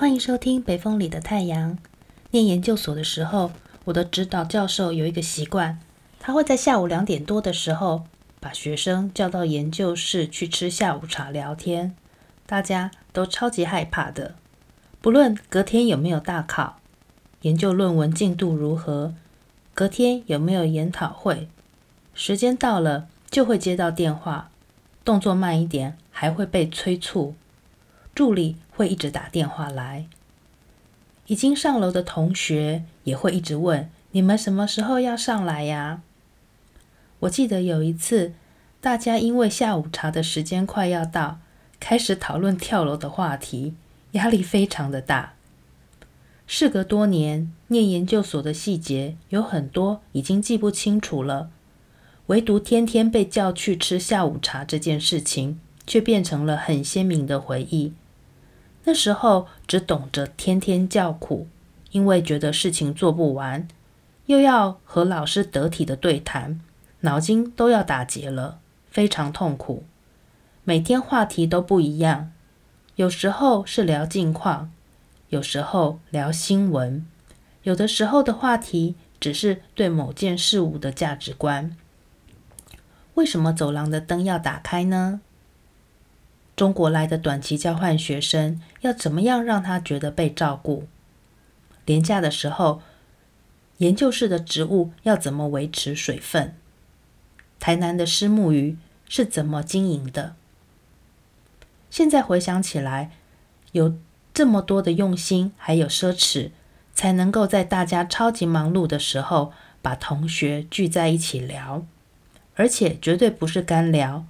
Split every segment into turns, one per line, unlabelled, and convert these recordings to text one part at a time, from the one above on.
歡迎收聽《北風裡的太陽》。念研究所的時候，我的指導教授有一個習慣，他會在下午兩點多的時候把學生叫到研究室去吃下午茶聊天。大家都超級害怕的，不論隔天有沒有大考，研究論文進度如何，隔天有沒有研討會，時間到了就會接到電話，動作慢一點還會被催促。助理會一直打電話來，已經上樓的同學也會一直問：你們什麼時候要上來呀？我記得有一次，大家因為下午茶的時間快要到，開始討論跳樓的話題，壓力非常的大。事隔多年，念研究所的細節有很多已經記不清楚了，唯獨天天被叫去吃下午茶這件事情，卻變成了很鮮明的回憶。那時候只懂得天天叫苦，因為覺得事情做不完，又要和老師得體的對談，腦筋都要打結了，非常痛苦。每天話題都不一樣，有時候是聊近況，有時候聊新聞，有的時候的話題只是對某件事物的價值觀。為什麼走廊的燈要打開呢？中國來的短期交換學生要怎麼樣讓他覺得被照顧？連假的時候，研究室的植物要怎麼維持水分？台南的虱目魚是怎麼經營的？現在回想起來，有這麼多的用心，還有奢侈，才能夠在大家超級忙碌的時候，把同學聚在一起聊，而且絕對不是乾聊。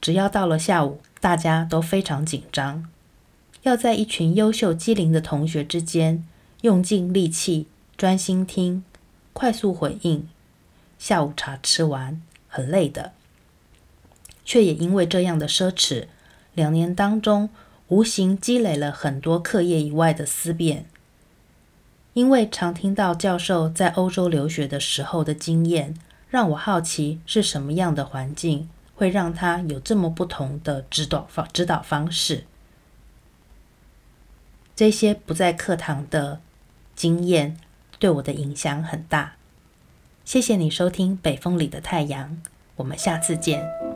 只要到了下午，大家都非常緊張，要在一群優秀機靈的同學之間用盡力氣，專心聽，快速回應。下午茶吃完，很累的，卻也因為這樣的奢侈，兩年當中無形積累了很多課業以外的思辨。因為常聽到教授在歐洲留學的時候的經驗，讓我好奇是什麼樣的環境。會讓他有這麼不同的指導方指導方式，這些不在課堂的經驗對我的影響很大。謝謝你收聽《北風裡的太陽》，我們下次見。